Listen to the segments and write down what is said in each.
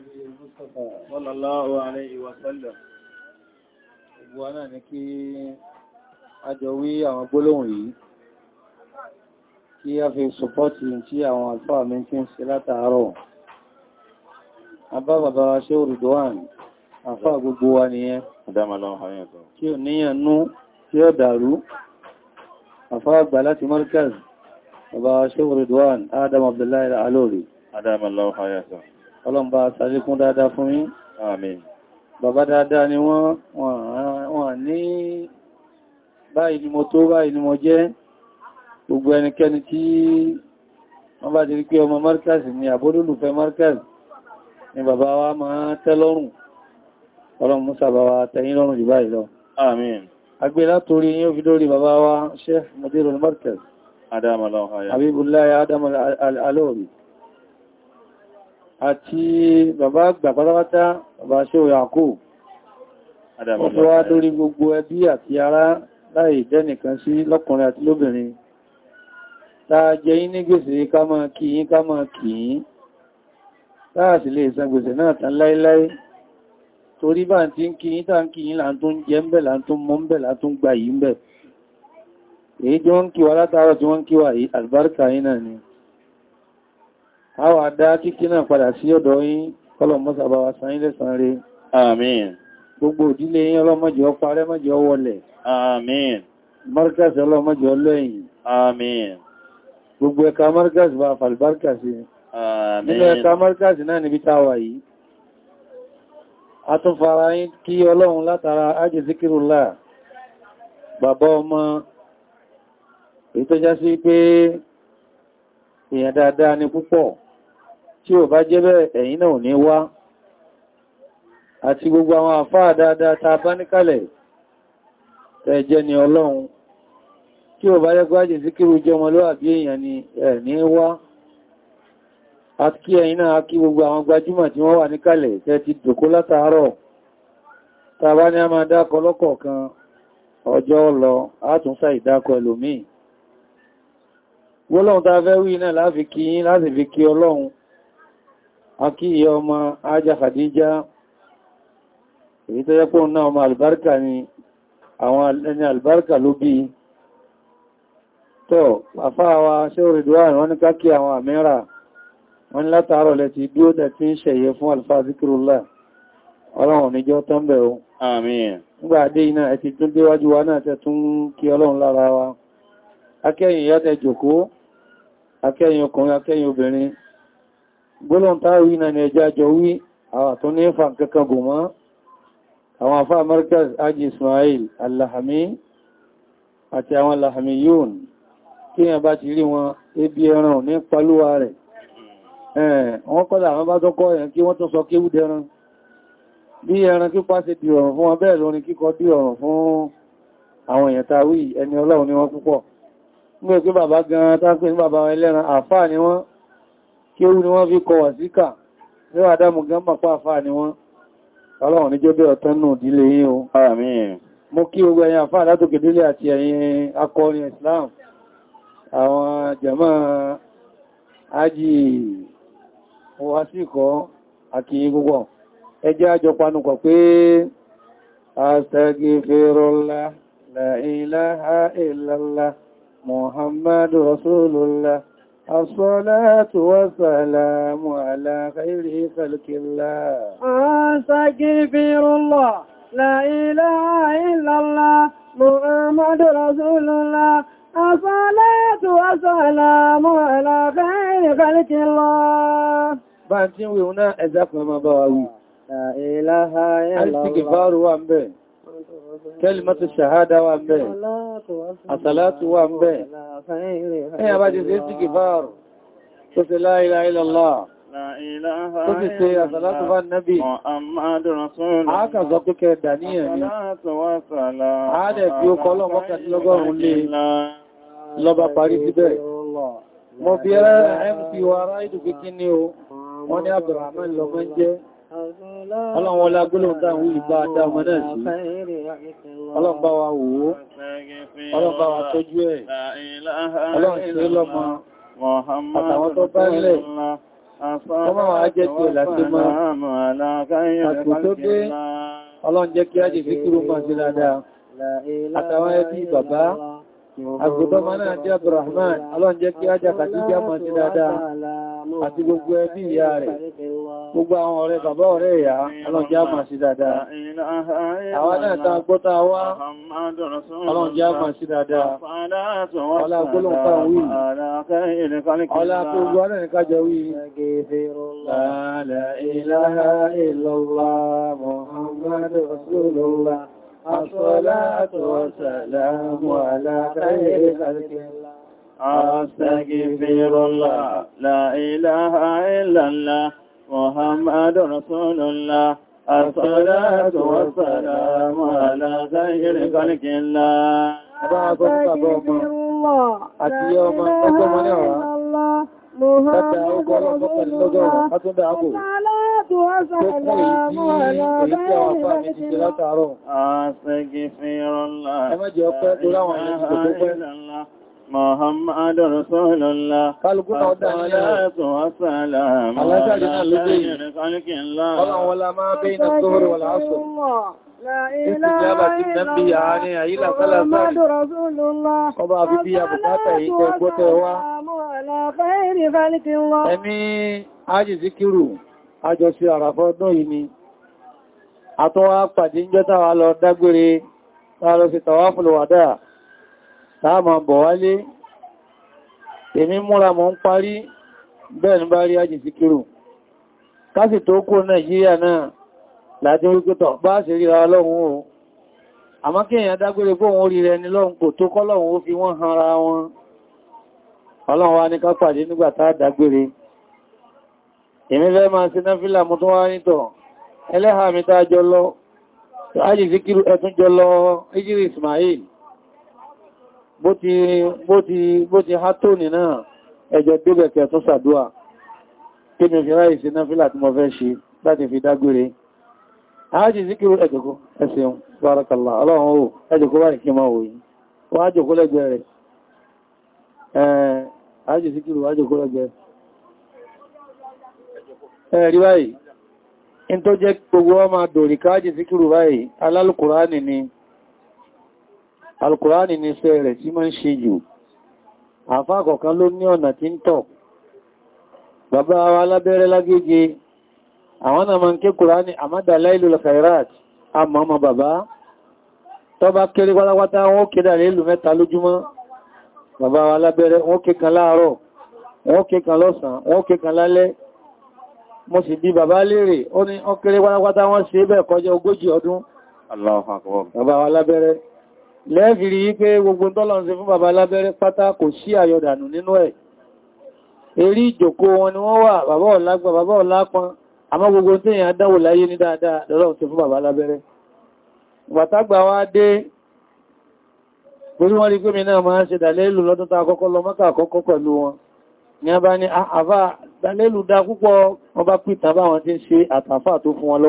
النبي عليه وسلم gbogbo náà ni kí a jọ wí àwọn gbólóhùn yìí kí a fi sọpọ́tì tí àwọn alfáà mi tí ń ṣe látàárọ̀ abá bàbá ṣe òrùdọ́wàn àfáà gbogbo wa nìyẹn kí o níyàn nú tí ó dàrú àfáà àgbà láti markaz bàbá ṣe òrùdọ́wàn adam abdullahi alórí adam allah hayata ọlọ́mbà sàlékún dáadáa fún yín àmín bàbá dáadáa ni wọ́n ní báyìí ni mo tó báyìí ni mo jẹ́ gbogbo ẹnikẹ́ni tí wọ́n bá ti rí pé ọmọ markaz ni àbólólùfẹ́ markaz ni bàbá wa máa tẹ́lọ́rùn ọlọ́run musa bàbá tẹ́yìn lọ́rùn jù báyìí lọ àmín agbé látorí yín ó fi dórí bàbá wa sheikh mudirul markaz Adam Adam al-Alori al àti bàbá àgbà pátápátá bàbá ṣéwò yàkó ọ̀tọ́ wá lórí gbogbo ẹbí àti ará láì jẹ́nìkan sí lọ́kùnrin àti lóbìnrin táa jẹ yín ní gbèsè ká máa kí yín ká máa kí yín táà sì lè san gbèsè náà tán láíláí torí bá ti ń kí yín tàà ń kí yín ń bẹ̀ láà tó ń mọ́ ń bẹ̀ láà tó ń gbà yìí ń bẹ̀ èyí tí ń kí látàárọ̀ tí wọ́n ń kí wa àlùbáríkà náà ni a wà dá kíkí náà padà sí ọ̀dọ̀ yín kọlọ̀mọ́sàbà wa san yín lẹ́san rẹ̀ àmín gbogbo òdílé yín ọlọ́mọ́jọ́ parẹ́ mọ́jọ́ wọlẹ̀ àmín markas ọlọ́mọ́jọ́ lẹ́yìn àmín gbogbo ẹ̀ka markas bá falibarkas àmín nínú ẹ̀ka markas náà níbi táwà yìí a tún fara yín kí ọlọ́run látara ájẹ́ zikirullah èyí tó já sí pé èèyàn dáadáa ni púpọ̀ tí ò bá jẹ́ bẹ́ẹ̀ ẹ̀yin náà ní wá àti gbogbo àwọn àfáà dáadáa ta bá níkàlẹ̀ ẹ̀jẹ́ ni ọlọ́run tí ò bá lẹ́gbọ́ àjẹ́ sí kírù jẹ́ ọmọlúwàbí èèyàn ni ẹ̀ ní wá àti kí ẹ̀yin náà kí gbogbo àwọn gbajúmọ̀ tí wọ́n wà níkàlẹ̀ tẹ́ ti dòkó látàárọ̀ ta fẹ́ wí náà láti fi kí ọlọ́run akí ìyá ọmọ ajá Khadija èyí tó yẹ́pọ̀ náà ọmọ albarka ni àwọn ẹni albarka ló bí tọ́ àfáàwà ṣe òrìdúwàrí wọ́n ní káàkì àwọn àmìrà wọ́n ní látàárọ̀ lẹ́ti dúó tẹ́ tí ń ṣẹ̀yẹ fún alfazikirullah ọlọ́run níjọ́ tọ́m̀bẹ̀ o àmín nígbà dé iná ẹ̀ ti tún déwájú wa gbọ́lọ̀n táwí na ní ẹjá jọ wí àwọn tó ní fa kankan gùnmọ́ àwọn afá markaz aji ismail alahami àti àwọn alahami yóòn kí yẹn bá ti rí wọn ebi ẹran ní palúwa rẹ̀ wọ́n kọ́lá àwọn bá tọ́kọ́ ẹ̀yàn kí wọ́n tún sọ kéwú dẹran bí ẹran kípa ṣe di ọ̀rùn fún wọn bẹ́ẹ̀ lórin kéwú ni wọ́n fi kọ wàsíkà ní àdámù gánbà pàáfà ni wọ́n ọlọ́run ní jẹ́ bẹ́ ọ̀tọ́ náà dílé yín o àmín mo kí ogun ẹ̀yin àfáà látòkè délé àti ẹ̀yin akọrin Islam àwọn jàmá ájì wàsíkọ́ àkí gbogbo ẹjẹ́ àjọ panukọ̀ pé astaghfirullah la ilaha illallah muhammadu rasulullah الصلاة والسلام على خير خلق الله أستكبر الله لا إله إلا الله محمد رسول الله الصلاة والسلام على خير خلق الله بانتين ويونا أزاق ما بواوي لا إله إلا الله أستغفار وانبين kẹ́lìmọ́tí ṣàhádá wà ń bẹ̀ àsàlátù wà ń bẹ̀ ẹ̀yà bá jẹ́ sí kìfààrù tó ṣe la ilaha illallah tó ti ṣe àsàlátù bá nábì ákà sọ pé kẹ́ẹ̀dà níyàn ni àádẹ̀ bí ó kọ́ lọ́mọ́kàtílọ́gọ́rùn lé lọ́ba parí ni o lọ mọ́ jẹ́ Ọlọ́run ọlá gbọ́lọ̀ dáhùn ìgbà dáhùn náà sí. Ọlọ́run bá wa wò ó, ọlọ́run bá wa tọ́jú ẹ̀, ọlọ́run ṣe lọ́mọ, àtàwọn tó bá lẹ̀, ọmọ wa jẹ́ tí ó láti mọ́, àkùn tó dé, ọlọ́run jẹ́ kí á jẹ́ fíkúrú jẹ́ Abdurrahman, sí dáadáa, àti gbogbo ẹbí ìyá rẹ̀ gbogbo àwọn ọ̀rẹ́ bàbá ọ̀rẹ́ ìyá ọlọ́njẹ́ àmà sí dáadáa àwọn náà ta gbọ́ta wá ọlọ́njẹ́ àmà sí dáadáa ọlá gbólóǹkà wí ọlá gbogbo ọlọ́nìkájọ wí la ilaha illallah Muhammadur Rasulullah الصلاة والسلام على خير خلق الله أستغفر الله لا إله إلا الله محمد رسول الله الصلاة والسلام على خير خلق الله Àti ọmọ ọgbọ́n mọ́ ní ọ̀rá, tàbí ọgbọ́n ọlọ́pọ̀ lọ́jọ́ ọ̀rọ̀, a tún dá àgbò. Tó kú èyí tí èyí tí àwọn afá mi ti ṣe látàárọ̀. Àṣẹ́gì fi rọ́lá. Ẹ محمد رسول الله الصلاة والسلام على خير خلق الله ولا ما بين الظهر والعصر Ìsìnjába ti mẹ́bí àárín àyílà sálàsáàrì, ọba àbíbí àbùkátà ìkẹ́ ẹgbọ́tẹ̀ wá. Ẹni ájì síkírù, àjọ sí àràfọ́ ọdún yìí lọ láàmà bọ̀ wálé èmi múra mọ̀ ń parí bẹ́ẹ̀ ní bá rí ajì kírò kásì tó kó nàìjíríà náà láti wípétọ̀ bá ṣe ríra o àmọ́ kí èèyàn dágbére rẹ ni kò tó kọ́ fi wọ́n wọn ní nígbà tá dágbére èmi fẹ́ máa náfílà mú tó wá nítọ̀ bó ti bó ti bó ti há tó nì náà ẹjọ́ débẹ̀kẹ̀ tó sàdúà kí mi fi ráyìí sí náfílà tí mo fẹ́ ṣe láti fi dágbére ààjì síkírù ẹjọ́kó ẹsẹ̀un bárakàlá ọlọ́run ó ẹjọ́kó wà ní kí máa wòyí wọ́n ájòkó lẹ́gbẹ̀ẹ́ rẹ̀ ààjì síkírù ájòkó lẹ́gbẹ̀ẹ́ ẹ̀rí báyìí in tó jẹ́ gbogbo ọmọ dòríkà ààjì síkírù báyìí alálùkùránì ni alkùránì ní iṣẹ́ rẹ̀ tí máa ń ṣe jù àfá kọ̀kan ló ní ọ̀nà tí ń tọ̀ bàbá wa lábẹ́rẹ́ lágége àwọn náà máa ń ké kùránì àmádà láìlú lakairat àmọ́mọ́ bàbá tó bá kéré pátápátá wọn ó ké dàrí ìlú mo sì bí bàbá léèrè ó ní ó kéré pátápátá wọn ṣe bẹ́ẹ̀ kọjá ogójì Allahu akbar baba wa lábẹ́rẹ́ lẹ́fìrí wípé gbogbo tọ́lọ̀n ṣe fún bàbá lábẹ́rẹ́ pátá kò sí àyọdànù nínú ẹ̀ erí ìjòkó wọn ni wọ́n wà bàbá ọ̀lágbà bàbá ọ̀lápọn àmọ́ gbogbo tí èyàn dánwò láyé ní dáadáa lọ́lọ́run ṣe fún bàbá lábẹ́rẹ́ bàtàgbà wá dé torí wọ́n rí pé mi náà máa ń ṣe dàlélù lọ́dún ta àkọ́kọ́ lọ mọ́kà a bá ní ah, àfà dàlélù dá púpọ̀ wọ́n bá pìtà bá wọn tí ń ṣe àtàfà tó fún wọn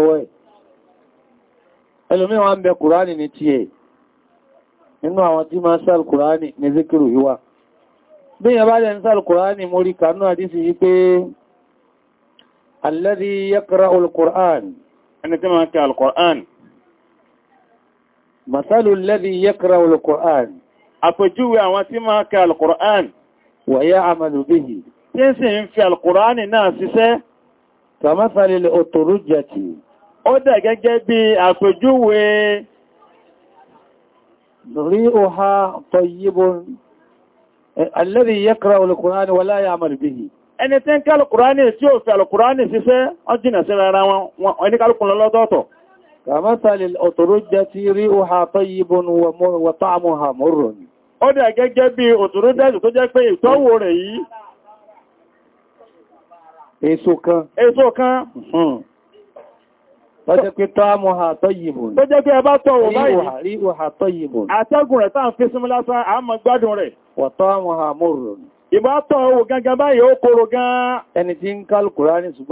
ẹ̀ nínú àwọn tí máa sáàl kùránì ní zikiru ìwà bí yẹ bá jẹ́ sáàl kùránì mórí kanú àdísì yí pé alladhi yaqra'ul kùrán ẹni tí máa kí alkùrán masalu alladhi yaqra'ul kùrán àpèjúwe àwọn tí máa kí alkùrán wa ya'malu ríòhá tọ̀yíbọn alẹ́rí yẹ́kra olùkùránì wà láyé àmàrì bí i ẹni tí ń ká alùkùránì tí ó fẹ́ alùkùránì síṣẹ́ ọjìnà sí rárá wọn ẹni kálùkùn lọ́lọ́dọ́tọ̀ kàmátàlì òtòrójẹ́ tí ríòhá tọ̀yíbọn wà ta'amuha murrun ó dà gẹ́gẹ́ bí òtòrójẹ́ tó jẹ́ pé ìtọ́wò rẹ̀ yìí èso kan hmm. tó jẹ́ pé tọ́ àmúhà tọ́ yìbò tó pé ẹbá tọ́ báyìí rí òhà tọ́ yìbò àtẹ́gùn rẹ̀ tàà fi súnmọ́ lásán àmọ́ gbádùn rẹ̀ wọ̀tọ́ àmúhà mọ́rùn ìbá tọ́ gangan báyìí ó kóró gan ẹni tí ń kálùkùrá ní ní taste tó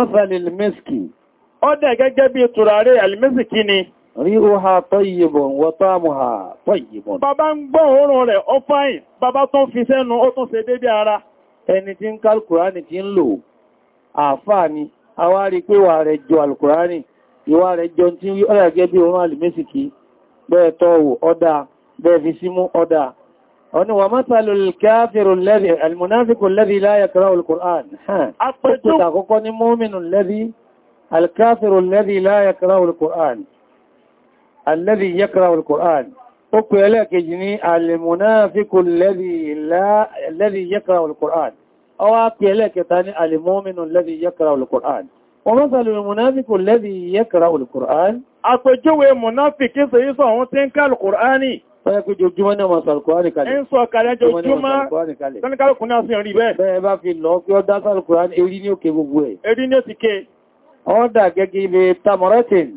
wọ́n fi miski ọdẹ gẹ́gẹ́ bí tùràrí alìmẹ́sìkí ni ríhúha tọ́yìbọn wọ́tàmùha tọ́yìbọn bàbá ń gbọ́ òórùn rẹ̀ ó fáyìn bàbá tó ń fi sẹ́nu ó tún ṣe dédé ara ẹni tí ń ka alkùránì tí ń lò àfáà ni a wá rí pé wà rẹ̀ jọ alkùránì ìwà rẹ̀ jọ tí ọ̀rẹ́ gẹ́gẹ́ bí òórùn alìmẹ́sìkí bẹ́ẹ̀ tọ́wò ọdá bẹ́ẹ̀ fi símú ọdá ọ̀nà wà mọ́sàlù káfírù lẹ́rí alìmọ̀náfíkù lẹ́rí láyàkọ́rọ̀ alkùránì الكافر الذي لا يقرأ القرآن الذي يقرأ القرآن أقول لك جني المنافق الذي لا الذي يقرأ القرآن أو أقول لك ثاني المؤمن الذي يقرأ القرآن ومثل المنافق الذي يقرأ القرآن أتجوى منافق سيسا هون تنكى القرآن Bọ́yá pé jojúmọ́ náà máa sàrùkùránì kalẹ̀. Ń sọ kalẹ̀ jojúmọ́ sọ́nà kálùkù náà sí ọ̀rí bẹ́ẹ̀. Bẹ́ẹ̀ bá fi lọ kí ọ dá sàrùkùránì erí ní òkè gbogbo ẹ̀. ọ́dà gẹ́gẹ́ ibi tamọ̀rẹ́tìn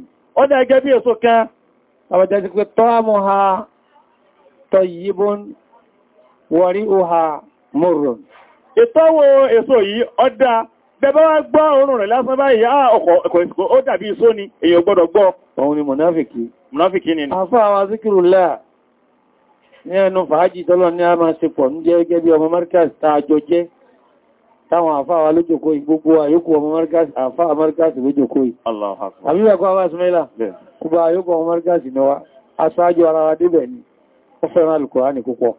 ọ́dà gẹ́gẹ́ bí èso kan àwọ̀jẹ́ ti pé tọ́àmù ha tayyibun wọ̀rí òhà ìtọ́wò èso yìí ọ́dà bẹ́bá wá gbọ́ òórùn rẹ̀ lásán báyìí ọkọ̀ ó dàbí iṣó ní táwọn àfáwà lójòkó gbogbo àyókù ọmọ markasi àfáà markasi lójòkó àbíbẹ̀kọ́ àwọn asmẹ́lá gbogbo àyókù ọmọ markasi ni wá aṣáájú wa débẹ̀ ni ó fẹ́ràn alùkùránì púpọ̀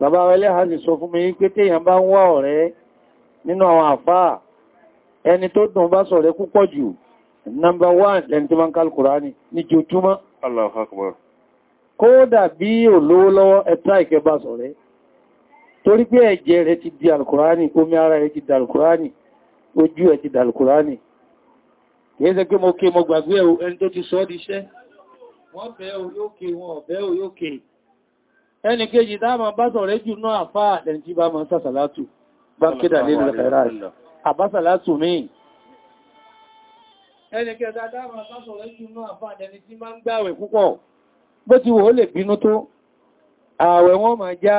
bàbá wẹlé ha sì sọ fún mi pé téèyàn bá ń wá ọ̀rẹ́ nínú àwọn àfáà ẹni tó dùn bá number one lẹni tó máa ń ka alùkùránì ní jojúmọ́ kódà bí olówó lọ́wọ́ ẹ̀tá ìkẹbà sọ̀rẹ́ torí pé ẹ̀jẹ̀ rẹ̀ ti di alkùránì omi ara rẹ̀ ti di alkùránì ojú ẹ̀ ti di alkùránì kìí ṣe pé mo ké mo gbàgbé ẹ̀ ẹni tó ti sọ di iṣẹ́ wọ́n bẹ́ o yóò ké wọn ọ̀bẹ́ o yóò ké ẹni kejì dáàmà bá sọ̀rẹ́ jù ẹni tí máa ń gbàwẹ̀ púpọ̀ bó ti wò ó lè bínú tó ààwẹ̀ wọ́n máa já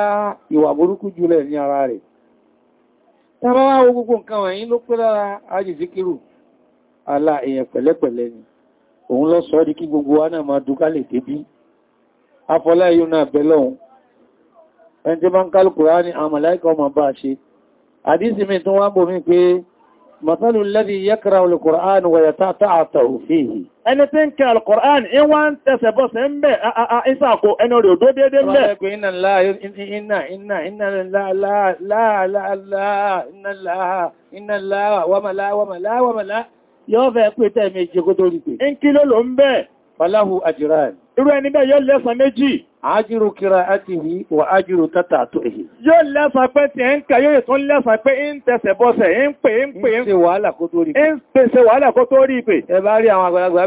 ìwà burúkú jùlẹ̀ ní ara rẹ̀ tàbá wá wo gbogbo nǹkan wọ̀nyí ló pé lára ajìsíkírù alá èèyàn pẹ̀lẹ́pẹ̀lẹ́ ni òun lọ sọ di kí gbogbo wa náà máa dúkà lè débí afọlá náà bẹ́ مثل الذي يقرأ القرآن ويتعتعته فيه ẹni tí ń kẹ alkùrán in wá ń tẹsẹ̀ bọ́ sí ń bẹ̀ ìsàkó ẹni orí òdó dédé mẹ́ ẹgbẹ̀ iná iná iná iná láàá wàmàlá wàmàlá yóò fẹ́ pẹ́ tẹ́ méjì kó tó rí pé in kí ló lò ń bẹ̀ falahu ajran irú ẹni bẹ́ yóò lẹ́san méjì ájírù kíra àti rí wà ájírù tátà tó èyí yóò lẹ́san pé tí ẹ ń kà yóò tún lẹ́san pé ń tẹsẹ̀ bọ́sẹ̀ ń pè ń pè ń ṣe wàhálà kó tó rí pé ń pèsè wàhálà kó tó rí pé ẹ bá rí àwọn àgbàlagbà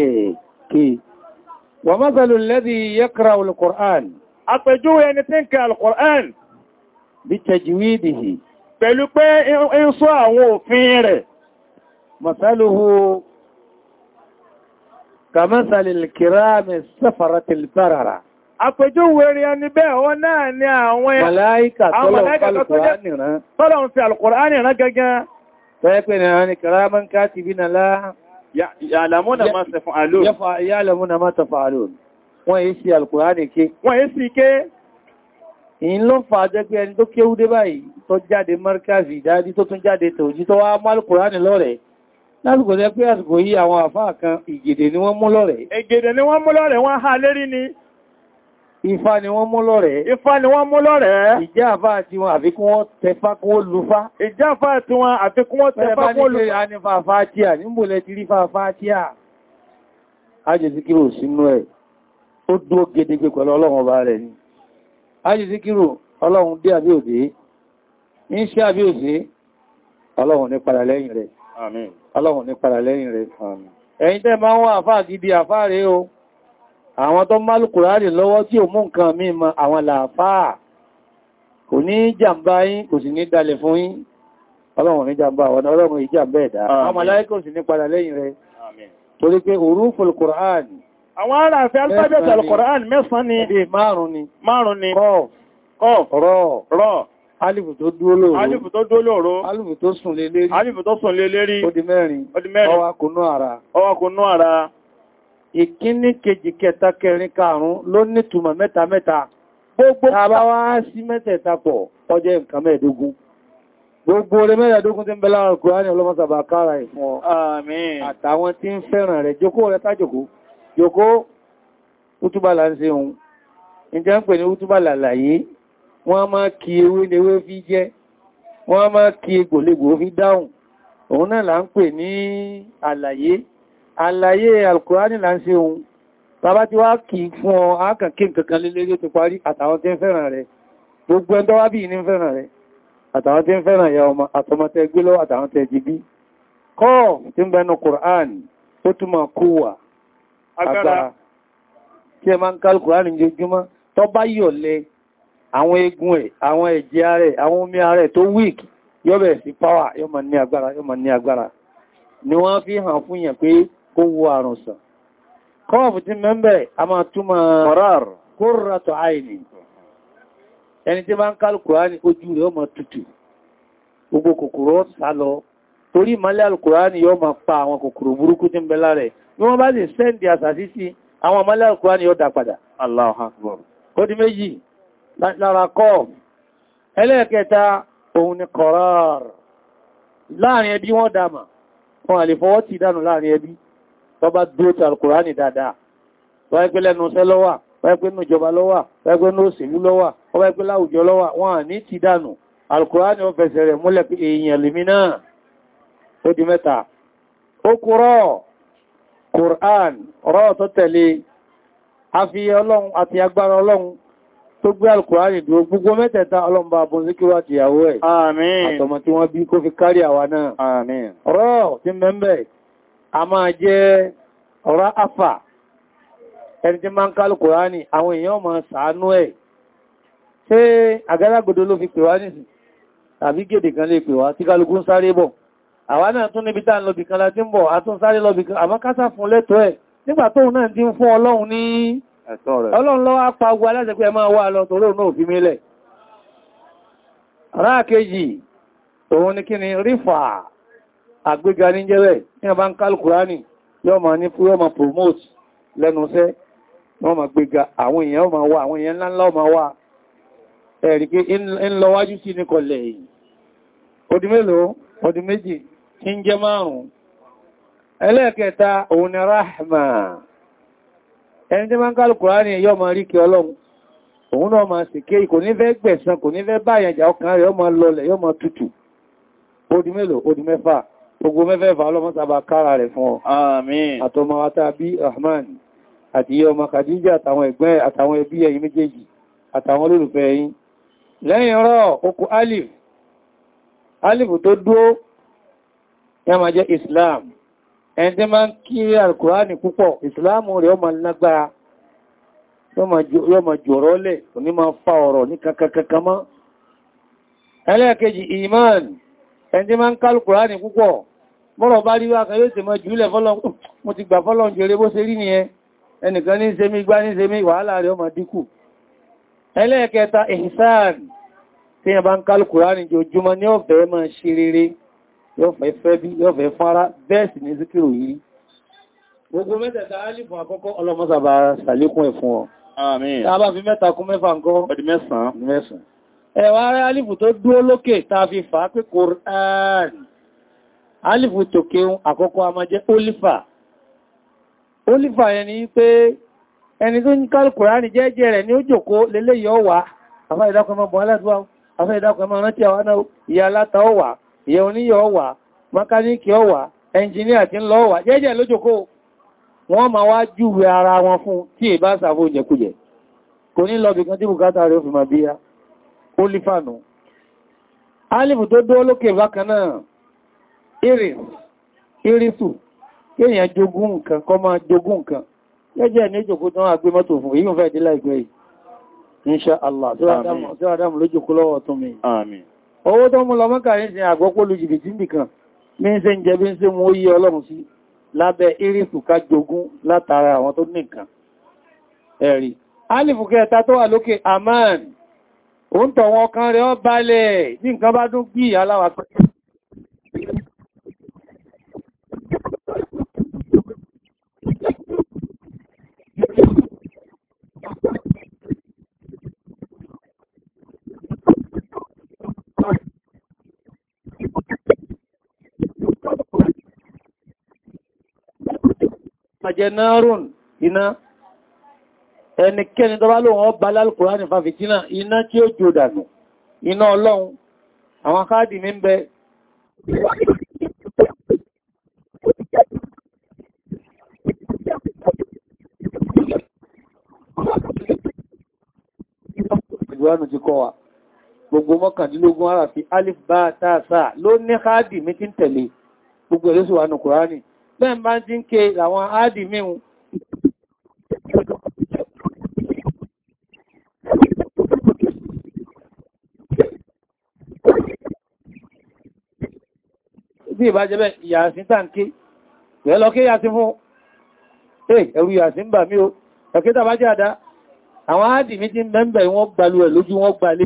mi ìjọba lẹ́dí yẹ́kra olùkọ̀rán àpèjúwe ẹni tí ń kẹ alkùnrán bí tajwídìhì pẹ̀lú pé ń sọ àwọn òfin rẹ̀ masaluhu kàmásàlìl kìrámi sáfàratil bárara àpèjúwe rí ẹni bẹ́ẹ̀ wọ́n náà ni àwọn màláíkà tọ́lọ̀ fi alkùnrán rán gẹ́gẹ́ tọ́ẹ́pẹ̀ ni àwọn kìrámi káàtì bí wọ́n yìí sí alkùnránì ké wọ́n yìí sí ké ìyìn ló fà jẹ́ pé ẹni tó kéwú dé báyìí tó jáde markazi dáadí tó tún jáde tòjí tó wá mú alkùnránì lọ́rẹ̀ lásìkò jẹ́ ni wọ́n mú lọ́rẹ̀ ìgèdè ni wọ́n mú lọ́rẹ̀ wọ́n há lérí ni Ifá ni wọ́n mú lọ́rẹ̀. Ifá ni wọ́n mú lọ́rẹ̀. Ìjá àfá àti wọn àfi kún wọ́n tẹfá kún ó sínú ẹ̀ ó dúó gẹ́dẹ́gbẹ́ pẹ̀lú ọlọ́run ọba rẹ̀ ni ajìsíkírò ọlọ́run dé àbí òdé ní iṣẹ́ àbí òdé ọlọ́run ní padà lẹ́yìn rẹ̀ àmín ọlọ́run ní padà lẹ́yìn rẹ̀ àmín ẹ̀yin tẹ́ máa ń wá àfáà gidi àfáà rẹ̀ o àwọn tó málù kùrárì lọ́wọ́ tí ò mú nǹkan mí mọ àwọn làáfáà kò ní jàmbá yín kò sì ní dalẹ̀ fún yín ọlọ́run ní jàmbá wọn ọlọ́run ìjàmbá ẹ̀dá àwọn màláíkà sì ní padà lẹ́yìn rẹ̀ àmín torí pé huruful Qur'an àwọn ará àfẹ́ alifábẹ́tì alukọ̀rán mẹ́sàn ni márùn ni márùn ni kọ́ rọ́ rọ́ alifu tó dúró lóòró alifu tó dúró lóòró alifu tó sùn lé lérí alifu tó sùn lé lérí ó di mẹ́rin ó di mẹ́rin ọwá kò nú ara ọwá kò nú ara ìkíní kejì kẹta kẹrin karùn ló nítumọ̀ mẹ́ta mẹ́ta gbogbo tàbá wá sí mẹ́tẹ̀ẹ̀ta pọ̀ ọjẹ́ nǹkan mẹ́ẹ̀dógún gbogbo orí mẹ́rẹ̀dógún tí ń bẹ́lá ọkùnrin ọlọ́mọ́sàbà kára ìfún ọ yòkó útúbàlà ń ṣe ohun ìjẹ́ ń pè ní útúbàlà làyé wọ́n máa kí ewé lewé fi jẹ́ wọ́n máa kí egbòlegbò fi dáhùn òun náà là ń pè ní àlàyé àlàyé alkùránì là ń ṣe ohun bàbá tí wá kì í fún ọ ákànkí nǹkankan lélẹ́rẹ́ tó parí àtàwọn tí ń fẹ́ràn rẹ̀ agbára kí ẹ máa ń kálù kùránì jojúmọ́ tọba bá lẹ àwọn eegun ẹ̀ àwọn ẹ̀jẹ̀ ààrẹ àwọn omi ààrẹ tó wík yọ́bẹ̀ sí pàwà ma ní agbára yọ́ ma ní agbára ni wọ́n fi hàn fún yẹn pé kó wo àrùn sàn kọ́ọ̀fù a máa túnmọ̀ ọ̀rọ̀ àìní ẹni tí ń ojú rẹ̀ ọmọ tutù gbogbo kòkòrò sálọ torí ìmọ́lẹ̀ alkùránì yóò máa pa àwọn kòkòrò burúkú tí ń bẹ lára ẹ̀ bí wọ́n bá sì sẹ́ndì àsàsí sí àwọn ìmọ́lẹ̀ alkùránì yóò dá padà Allahu Akbar kó di méjì lára kọ́ ẹlẹ́ẹ̀kẹta òun ni qarar láàrin ẹbí wọ́n dáma wọn àlè fọwọ́ ti dánù láàrin ẹbí tó bá dúró ti alkùránì dáadáa wọ́n ẹgbẹ́ lẹ́nu iṣẹ́ lọ́wà wọ́n rẹ̀ múlẹ̀ èèyàn lèmi náà ó di mẹ́ta ó kú rọ́ Qur'an rọ́ tó tẹ̀lé a fi ọlọ́run àti agbára ọlọ́run tó gbé alkùránì dúró gbogbo mẹ́tẹ̀ẹ̀ta ọlọ́mbà abun síkírò àti ìyàwó ẹ̀ àmín àtọmọ tí wọ́n bí kó fi kárí àwa náà àmín rọ́ tí mẹ́mẹ́ a máa jẹ́ ọ̀rá afà ẹni tí ṣé àgádágodo ló fi pè wá nìsìn tàbí gèdè kan lè pè wá tí kálukú ń sáré bọ̀ àwa náà tún níbi tá ń lọ́bì kan láti ń bọ̀ àtún sáré lọ́bì kan àmọ́ kásá fún lẹ́tọ́ ẹ̀ nígbà tóun náà ti ń fún ọlọ́run ní ọlọ́run lọ́wọ́ apá ni kí ni rífà àgbéga ní jẹ́rẹ̀ ní ọba ń kálùkùránì yóò máa ní yóò máa promote lẹ́nu iṣẹ́ wọ́n lọ wájú sí ní kọlẹ̀ yìí ọdún mélòó ọdún méjì ń jẹ márùn-ún ẹlẹ́ẹ̀kẹta òun ni rahma ẹni tí máa ń kálù kùránì yóò máa rí kí ọlọ́run òun náà máa sì ké kò ní fẹ́ gbẹ̀san kò ní fẹ́ báyànjà ọkàn rẹ̀ yóò máa lọlẹ̀ yóò máa tutù odi mélòó odi mẹ́fà ogo mẹ́fẹ́fà ọlọ́mọ́ sábà kára rẹ̀ fún ọ àmín àtọmọ atábí rahman àti iye ọmọ kàdíjà àtàwọn ẹ̀gbẹ́ olólùfẹ́ ẹ̀yin lẹ́yìn rọ̀ okùn alif alif tó dúó yá máa jẹ́ Islam ẹni tí máa ń kiri alkùránì púpọ̀ Islam rẹ̀ ọmọ lágbára yọ ma jọ̀rọ̀ lẹ̀ òní máa fa ọ̀rọ̀ ní kankankan mọ́ ẹlẹ́ẹ̀kejì iman ẹni tí máa ń kálùkùránì púpọ̀ mọ́rọ̀ bá rí wákan yóò sì mọ́ jùlẹ̀ mo ti gbà fọ́lọ̀ jẹrẹ bó ṣe rí nìyẹn ẹnìkan ní ṣe mí gbá ní ṣe mí wàhálà rẹ̀ ọmọ dínkù ọ̀fẹ́ máa ṣe rere yóò fẹ́ fẹ́ bí yóò fẹ́ fún ara bẹ́ẹ̀ sì ní zikiru yìí gbogbo mẹ́tẹ̀ẹ̀ta alìfún àkọ́kọ́ ọlọ́mọ́sàbà sàlékún ẹ̀ fún ọ àmín tá bá fi mẹ́ta kún mẹ́fà ń kọ́ ọdí mẹ́sàn-án ẹwà ara alìfù tó dúó lókè ta fi fà á pé Qur'an alìfù tòkèun àkọ́kọ́ a máa jẹ́ olifa olifa yẹn ni pé ẹni tó ní kálù Qur'an jẹ́jẹ́ rẹ̀ ní ó jòkó lélẹ́yìí ọwà afẹ́ ìdákọ̀ mọ́ bọ̀ aládùá afẹ́ ìdákọ̀ mọ́ rántí àwọn ìyá aláta ọwà ìyẹ oníyẹ ọwà makáníkì ọwà ẹnjìníà tí ń lọ ọwà jẹ́jẹ́ lójòkó wọ́n ma wá júwe ara wọn fún tí èbá sàfó jẹkújẹ kò ní lọ bìkan tí bùkátà rẹ̀ fi máa bíyá ó lífànù alifu tó dó lókè bákan náà iris irisu kéèyàn jogún nǹkan kọ́ máa jogún nǹkan jẹ́jẹ́ ní ìjòkó tán àgbé mọ́tò fún yíò fẹ́ dé láìpẹ́ yìí inṣá Allah tí wá dámù lójòkó lọ́wọ́ tún mi àmín owó tó mú lọmọ́kà ní ṣe àgbọ́pọ̀lù jìbìtì nìkan ní ṣe ń jẹ bí ń ṣe mú oyí ọlọ́run sí lábẹ́ irisu ká jogún látara àwọn tó nìkan ẹ̀rí alifu kẹta tó wà lókè aman òun tọ̀wọ́ kan rẹ̀ ọ balẹ̀ ní nǹkan bá dún bí aláwà jẹ́ náàrùn iná ẹnikẹ́ni tó bá lóun ọba lálùkùránì fàfitínà iná tí ó jò dànù iná ọlọ́run àwọn káàdì mi ń bẹ ìgbòránù ti kọ́ wa gbogbo mọ́kàndínlógún ara fi alif bá tàà sáà ló ní káàdì mi ti ń tẹ̀lé gbogbo ẹ̀lẹ́sùwà kùránì bẹ́ẹ̀ bá ti ń ké àwọn áàdì mẹ́un bí ìbá jẹ́ bẹ́ ìyàsín tàǹkí rẹ̀ lọ kí yàsín fún ẹ̀rù yàsín bà mí o ẹ̀kẹ́ta bá jẹ́ àdá àwọn áàdì mi ti ń bẹ́ẹ̀ wọ́n gbalú ẹ̀ lójú wọ́n gbalé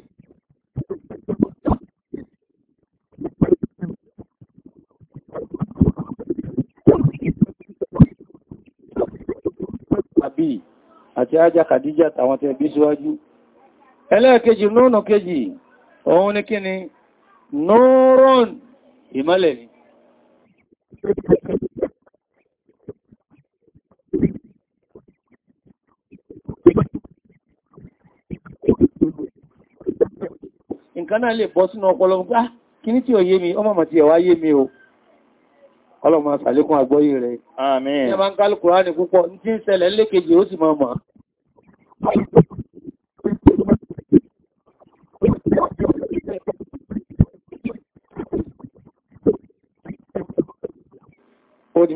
ájá kàdíjà tàwọn tẹ́ bí síwájú ẹlẹ́ẹ̀kejì nónà kejì òun ní ìmọ́lẹ̀ ni nǹkan náà lè bọ́ sínú ọpọlọ gbá kí ní tí ó yé mi ọmọ mọ̀ tí ẹ̀wà yé mi o ọlọ́mọ sàlékún rẹ̀. ní ń púpọ̀ ní tí ń lékejì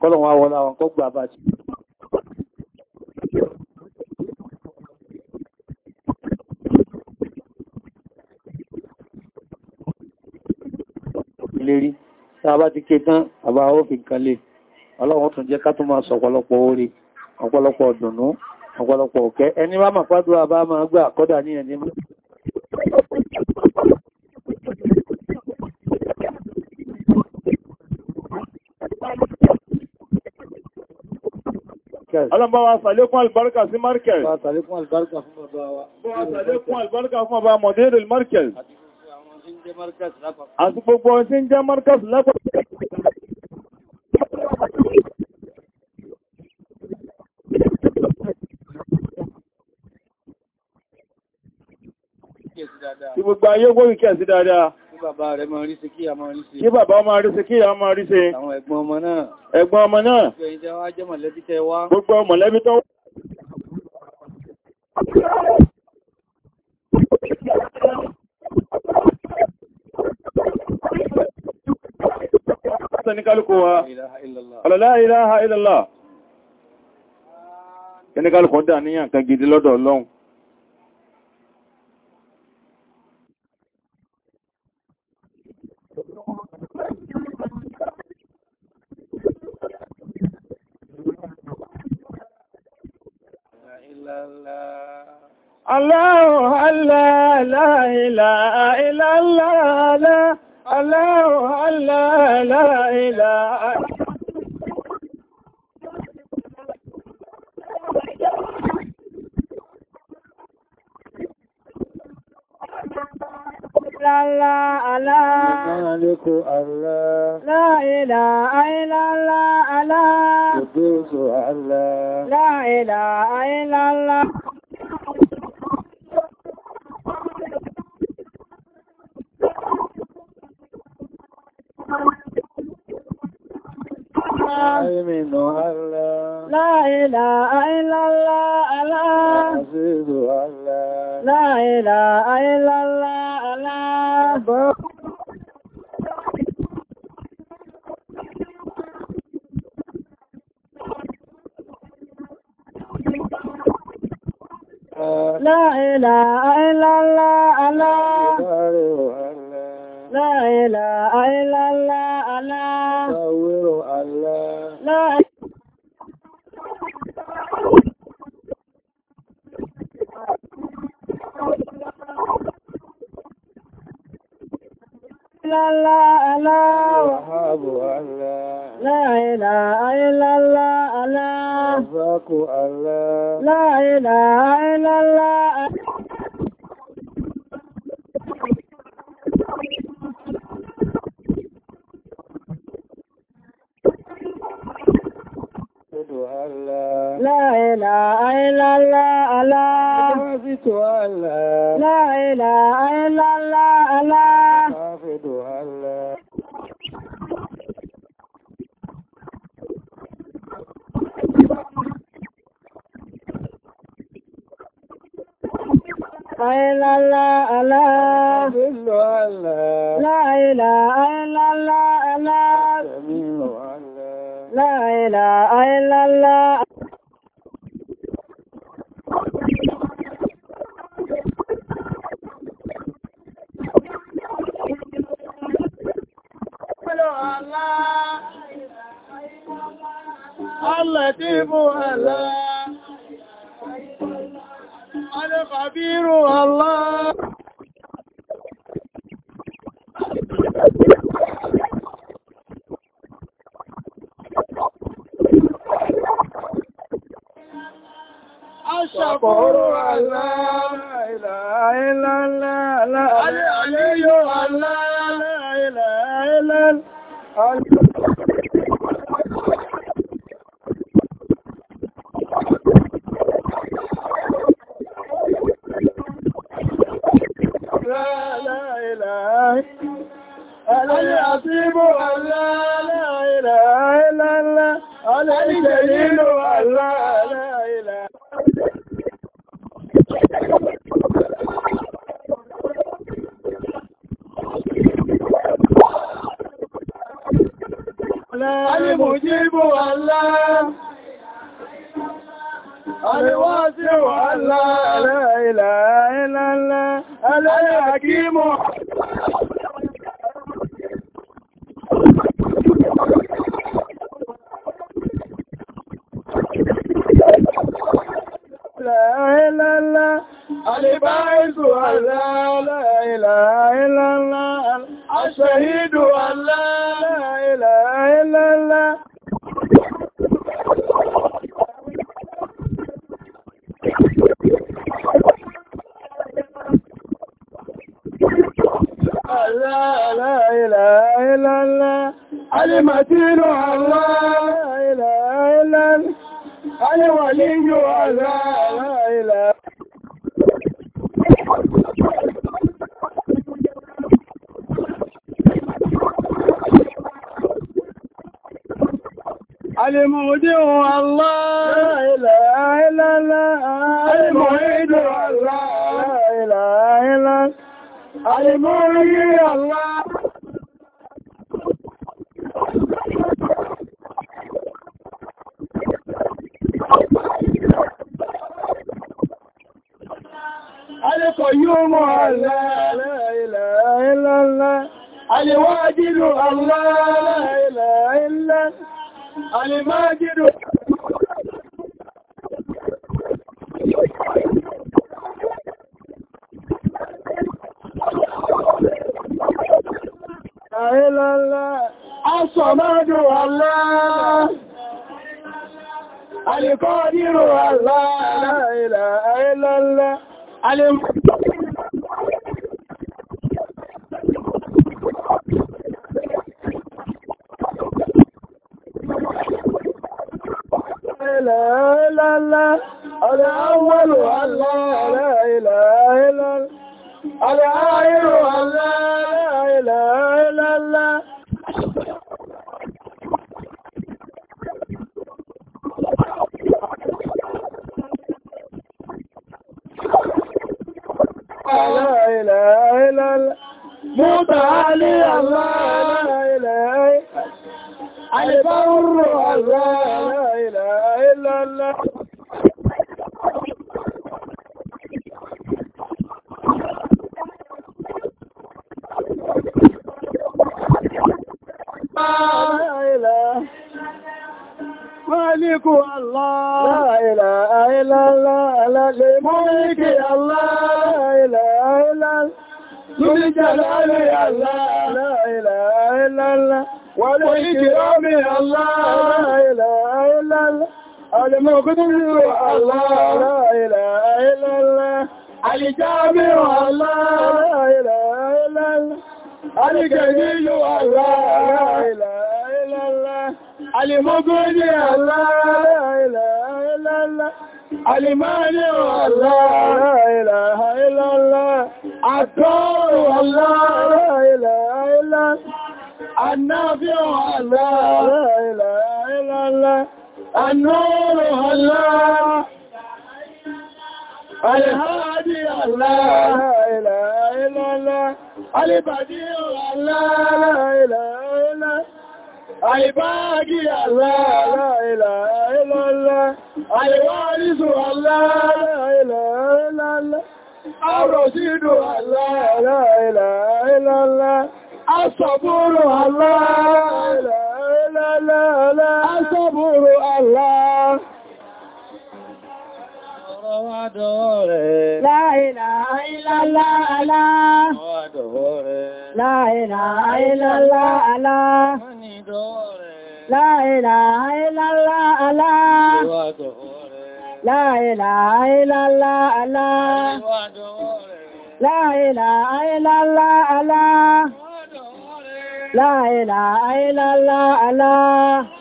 kọ́lọ̀ wọn wọ́n láwọn kọ́ gbà bá ti lérí tàbá ti ké tán àbá ó fi nǹkan lè ọlọ́wọ́n tún jẹ́ ká tún máa sọ ọ̀pọ̀lọpọ̀ orí ọ̀pọ̀lọpọ̀ ọ̀dùnnú ọ̀pọ̀lọpọ̀ ọ̀kẹ́ ẹni bá mà pàdúrà bá máa gbà kọ́dà ní ẹni máa market. Ọlọ́mbà wa sàlékún albarka sí market. Bá sàlékún albarka fún bàbá wa. Bá sàlékún albarka fún bàbá Mọ̀dẹ́rẹ̀ market. Àti gbogbo ọ̀sí ń jẹ́ bàbá rẹ̀ máa rí sí kí a máa rí sí. Kí bàbá máa rí sí kí a máa rí sí. Àwọn ẹ̀gbọ́n ọmọ náà. Ẹ̀gbọ́n ọmọ náà. Gbogbo mọ̀lẹ́bí tó wá. Sani kálukú wa. Ọlọ́lá ilaha illallah. Kẹ́ni kálukú dà لا إله لا لا لا مالك الله لا إله إلا الله لا أزيد الله لا إله إلا الله لا لا إله إلا الله لا إله إلا الله إلا الله ألا لا إله إلا الله ألا لا إله إلا الله لا إله إلا الله ṣàkóró àlá ìlà ìlà ìlà àlẹ́ àlẹ́ yóò àlá ìlà ìlà illallah alibaisu alla la ilaha illallah ashahidu alla la ilaha illallah لا لا إله إلا الله المتين الله لا إله إلا الله الولي الله المعبود هو الله لا إله إلا الله المعيد الله لا إله إلا المعيد الله القيوم الله لا إله إلا الله الواجد الله لا إله إلا الله الماجد لا إله إلا الصمد الله القادر الله لا إله إلا الله mútàálí Àlèbáwòrò àlá ilẹ̀ ilẹ̀ مالك الله لا إله إلا الله مالك الله Lórí jàlá rẹ̀ àlá, àìlà àìlàlá, wà lórí kìrọ́ mi àlá, àìlà àìlàlá, àlèmọ̀ ọgbẹ́dún rẹ̀ àlá, àìlà àìlàlá, àlìjá mi àlá, àìlà àìlàlá, àlìgẹ̀ẹ́ni Alimani Allah, la ilaha illallah, Atọ́rù Allah, la ilaha illallah, Annabi Allah, la ilaha illallah, Anúrù Allah, Alihadi Allah, la ilaha illallah, Alibadi Allah, la ilaha illallah, Àìbáàgì Allah, la ilaha illallah, àìwárísù Allah, la ilaha illallah, àrọ̀sídù Allah, la ilaha illallah, àṣọ̀bùrù Allah, la ilaha illallah, àṣọ̀bùrù Allah. Ọwádọ̀ rẹ̀. Láìlà ìlàlá àlá. Ọwádọ̀ rẹ̀. àlá. Mọ́nìdọ̀ rẹ̀. àlá. Ọwádọ̀ rẹ̀. àlá. Ọwádọ̀ rẹ̀. àlá. Ọwádọ̀ rẹ̀. àlá.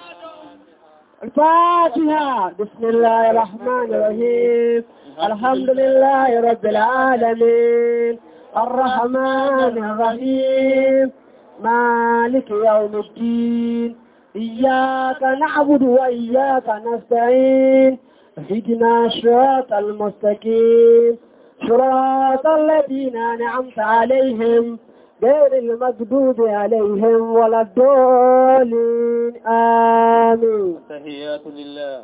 الفاتحة بسم الله الرحمن الرحيم الحمد لله رب العالمين الرحمن الرحيم مالك يوم الدين إياك نعبد وإياك نستعين اهدنا شراط المستقيم صراط الذين أنعمت عليهم غير المكذوب عليهم ولا الضالين آمين تحيات لله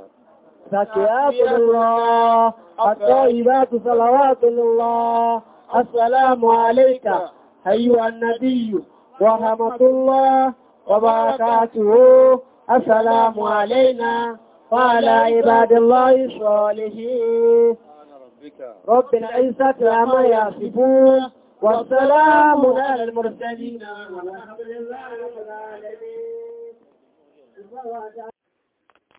زكيات الله الطيبات صلوات الله السلام عليك أيها النبي ورحمة الله وبركاته السلام علينا وعلى عباد الله الصالحين رب العزة عما يصفون والسلام على المرسلين والحمد لله رب العالمين